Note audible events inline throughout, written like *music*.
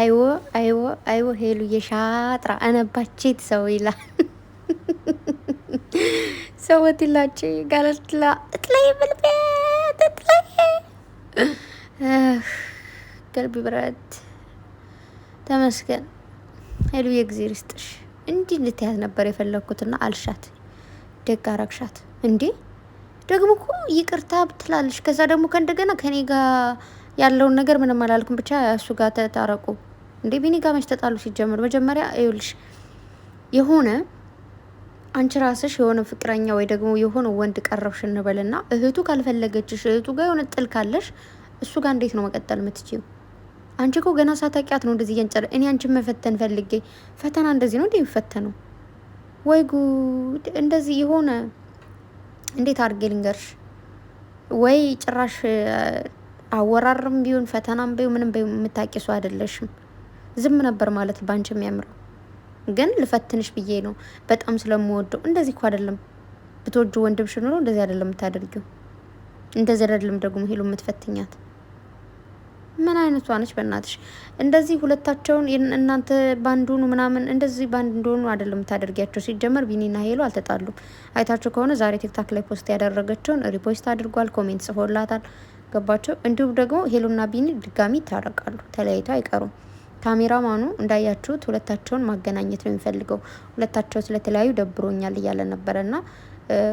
አይዎ አይዎ አይዎ ሄሉ የሻጥራ አነባቼት ሰው ይላ *laughs* ሰወትላች ጋለትላ እትለይ ብልቤት እትለይ ገልቢ ብረት ተመስገን ሄሉ የእግዜር ይስጥሽ። እንዲህ እንድትያት ነበር የፈለግኩትና አልሻት። ደግ አረግሻት እንዴ! ደግሞ እኮ ይቅርታ ብትላለሽ። ከዛ ደግሞ ከእንደገና ከኔ ጋር ያለውን ነገር ምንም አላልኩም፣ ብቻ እሱ ጋር ተታረቁ። እንዴ ቢኒ ጋር መች ተጣሉ? ሲጀምር መጀመሪያ ይኸውልሽ የሆነ አንቺ ራስሽ የሆነ ፍቅረኛ ወይ ደግሞ የሆነ ወንድ ቀረብሽ እንበልና እህቱ ካልፈለገችሽ እህቱ ጋር የሆነ ጥል ካለሽ እሱ ጋር እንዴት ነው መቀጠል የምትችይው? አንቺ እኮ ገና ሳታውቂያት ነው እንደዚህ እያንጨረ እኔ አንቺን መፈተን ፈልጌ ፈተና እንደዚህ ነው እንዴ የሚፈተነው? ወይ ጉድ! እንደዚህ የሆነ እንዴት አድርጌ ልንገርሽ? ወይ ጭራሽ አወራርም ቢሆን ፈተናም ቢሆን ምንም ቢሆን የምታቂሱ አይደለሽም። ዝም ነበር ማለት ባንቺ የሚያምረው ግን ልፈትንሽ ብዬ ነው በጣም ስለምወደው። እንደዚህ እኮ አይደለም ብትወጁ ወንድምሽ ኑሮ እንደዚህ አይደለም የምታደርጊው። እንደዚህ አይደለም ደግሞ ሄሉ የምትፈትኛት ምን አይነቷ ነች? በእናትሽ እንደዚህ ሁለታቸውን እናንተ ባንዱኑ ምናምን እንደዚህ ባንድ እንደሆኑ አይደለም የምታደርጊያቸው። ሲጀመር ቢኒና ሄሉ አልተጣሉም። አይታችሁ ከሆነ ዛሬ ቲክታክ ላይ ፖስት ያደረገችውን ሪፖስት አድርጓል፣ ኮሜንት ጽፎላታል። ገባቸው። እንዲሁም ደግሞ ሄሎና ቢኒ ድጋሚ ይታረቃሉ፣ ተለያይተው አይቀሩም። ካሜራማኑ እንዳያችሁት ሁለታቸውን ማገናኘት ነው የሚፈልገው። ሁለታቸው ስለተለያዩ ደብሮኛል እያለ ነበረ እና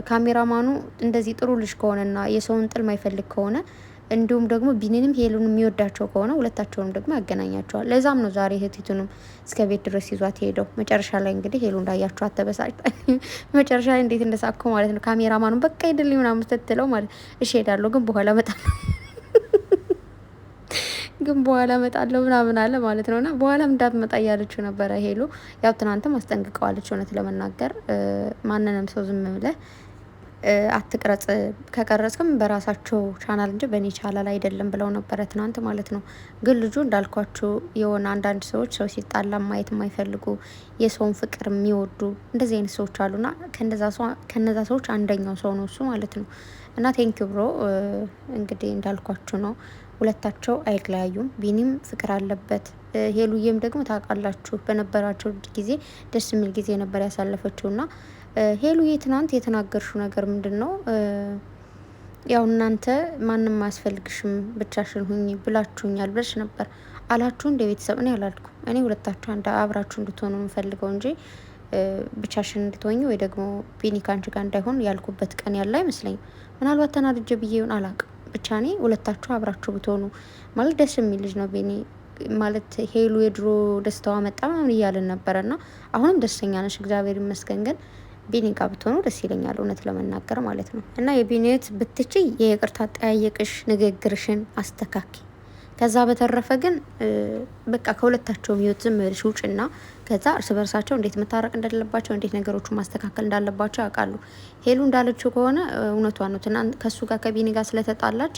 ካሜራማኑ እንደዚህ ጥሩ ልጅ ከሆነና የሰውን ጥል ማይፈልግ ከሆነ እንዲሁም ደግሞ ቢኒንም ሄሉን የሚወዳቸው ከሆነ ሁለታቸውንም ደግሞ ያገናኛቸዋል። ለዛም ነው ዛሬ እህቲቱንም እስከ ቤት ድረስ ይዟት ሄደው። መጨረሻ ላይ እንግዲህ ሄሉ እንዳያቸው አተበሳጭ *laughs* መጨረሻ ላይ እንዴት እንደሳኩ ማለት ነው። ካሜራማኑ በቃ ይድልኝ ምናምን ስትለው ማለት እሺ ሄዳለሁ ግን በኋላ በጣም ግን በኋላ እመጣለሁ ምናምን አለ ማለት እና በኋላም እንዳትመጣ እያለችው ነበረ ሄሉ። ያው ትናንትም አስጠንቅቀዋለች። እውነት ለመናገር ማንንም ሰው ዝም ብለህ አትቅረጽ፣ ከቀረጽክም በራሳቸው ቻናል እንጂ በእኔ ቻናል አይደለም ብለው ነበረ ትናንት ማለት ነው። ግን ልጁ እንዳልኳችሁ የሆነ አንዳንድ ሰዎች ሰው ሲጣላ ማየት የማይፈልጉ የሰውን ፍቅር የሚወዱ እንደዚህ አይነት ሰዎች አሉና ከነዛ ሰዎች አንደኛው ሰው ነው እሱ ማለት ነው። እና ቴንኪ ብሮ እንግዲህ እንዳልኳችሁ ነው። ሁለታቸው አይለያዩም። ቢኒም ፍቅር አለበት። ሄሉዬም ደግሞ ታውቃላችሁ በነበራቸው ጊዜ ደስ የሚል ጊዜ ነበር ያሳለፈችው። ና ሄሉዬ ትናንት የተናገርሽው ነገር ምንድን ነው? ያው እናንተ ማንም አያስፈልግሽም ብቻሽን ሁኝ ብላችሁኛል ብለሽ ነበር አላችሁ። እንደ ቤተሰብ እኔ አላልኩ። እኔ ሁለታችሁ አንድ አብራችሁ እንድትሆኑ የምፈልገው እንጂ ብቻሽን እንድትሆኝ ወይ ደግሞ ቢኒ ካንቺ ጋር እንዳይሆን ያልኩበት ቀን ያለ አይመስለኝም። ምናልባት ተናድጄ ብዬውን አላቅም። ብቻ እኔ ሁለታችሁ አብራችሁ ብትሆኑ ማለት ደስ የሚል ልጅ ነው ቤኒ ማለት ሄሉ የድሮ ደስታዋ መጣ ምናምን እያልን ነበረ ና አሁንም ደስተኛ ነሽ፣ እግዚአብሔር ይመስገን። ግን ቤኒ ጋር ብትሆኑ ደስ ይለኛል፣ እውነት ለመናገር ማለት ነው። እና የቤኒት ብትችይ የይቅርታ አጠያየቅሽ ንግግርሽን አስተካኪ ከዛ በተረፈ ግን በቃ ከሁለታቸው ህይወት ዝም ብለሽ ውጭና ከዛ እርስ በርሳቸው እንዴት መታረቅ እንዳለባቸው እንዴት ነገሮቹ ማስተካከል እንዳለባቸው ያውቃሉ። ሄሉ እንዳለችው ከሆነ እውነቷ ነው። ትናንት ከእሱ ጋር ከቢኒ ጋር ስለተጣላች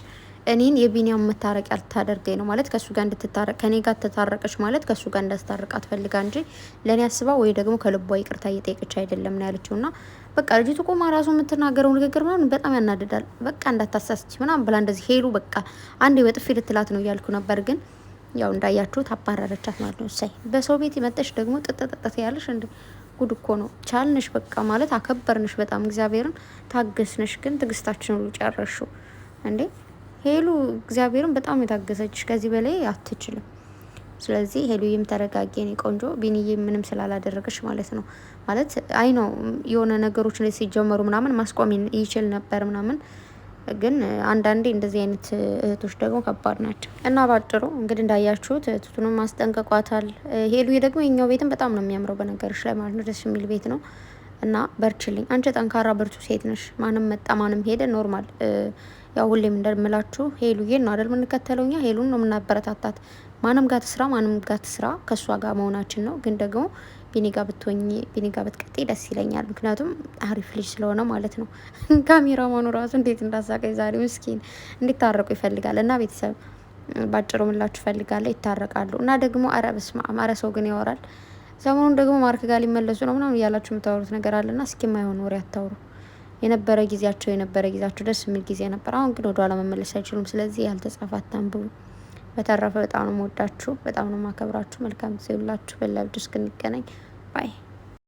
እኔን የቢኒያም መታረቅ ያልታደርገኝ ነው ማለት ከእሱ ጋር እንድትታረቅ ከኔ ጋር ተታረቀች ማለት ከእሱ ጋር እንዳስታርቃት አትፈልጋ እንጂ ለእኔ አስባ ወይ ደግሞ ከልቧ ይቅርታ እየጠየቀች አይደለም ነው ያለችው። ና በቃ ልጅቱ ቆማ ራሱ የምትናገረው ንግግር ምናምን በጣም ያናድዳል። በቃ እንዳታሳስች ምናምን ብላ እንደዚህ ሄሉ በቃ አንዴ በጥፊ ልትላት ነው እያልኩ ነበር፣ ግን ያው እንዳያችሁት ታባረረቻት ማለት ነው። ሳይ በሰው ቤት መጠሽ ደግሞ ጥጥጥጥት ያለሽ እንደ ጉድ እኮ ነው። ቻልንሽ በቃ ማለት አከበርንሽ፣ በጣም እግዚአብሔርን ታገስንሽ፣ ግን ትግስታችን ሁሉ ጨረሹ እንዴ ሄሉ እግዚአብሔርን በጣም የታገሰች ከዚህ በላይ አትችልም። ስለዚህ ሄሉዬም ተረጋጊ የኔ ቆንጆ። ቢኒዬ ምንም ስላላደረገች ማለት ነው ማለት አይ ነው የሆነ ነገሮች ላይ ሲጀመሩ ምናምን ማስቆም ይችል ነበር ምናምን ግን አንዳንዴ እንደዚህ አይነት እህቶች ደግሞ ከባድ ናቸው እና ባጭሩ እንግዲህ እንዳያችሁት እህቱንም ማስጠንቀቋታል። ሄሉዬ ደግሞ የኛው ቤትን በጣም ነው የሚያምረው በነገርሽ ላይ ማለት ነው። ደስ የሚል ቤት ነው እና በርችልኝ። አንቺ ጠንካራ ብርቱ ሴት ነሽ። ማንም መጣ ማንም ሄደ ኖርማል ያው ሁሌም እንደምላችሁ ሄሉዬ ነው አይደል የምንከተለው እኛ ሄሉን ነው የምናበረታታት። ማንም ጋር ትስራ ማንም ጋር ትስራ ከእሷ ጋር መሆናችን ነው። ግን ደግሞ ቢኒጋ ብትሆኝ ቢኒጋ ብትቀጤ ደስ ይለኛል። ምክንያቱም አሪፍ ልጅ ስለሆነ ማለት ነው። *laughs* ማኑ ራሱ እንዴት እንዳሳቀኝ ዛሬ ምስኪን እንዲታረቁ ይፈልጋል እና ቤተሰብ ባጭሩ ምላችሁ ይፈልጋለ ይታረቃሉ። እና ደግሞ አረ በስመ አብ አረ ሰው ግን ያወራል። ሰሞኑን ደግሞ ማርክ ጋር ሊመለሱ ነው ምናምን እያላችሁ የምታወሩት ነገር አለና እስኪ የማይሆን ወሬ አታውሩ። የነበረ ጊዜያቸው የነበረ ጊዜያቸው ደስ የሚል ጊዜ ነበር። አሁን ግን ወደኋላ መመለስ አይችሉም። ስለዚህ ያልተጻፈ አታንብቡ። በተረፈ በጣም ነው የምወዳችሁ፣ በጣም ነው ማከብራችሁ። መልካም ጊዜ ሁላችሁ። በሌላ ቪዲዮ እስክንገናኝ ባይ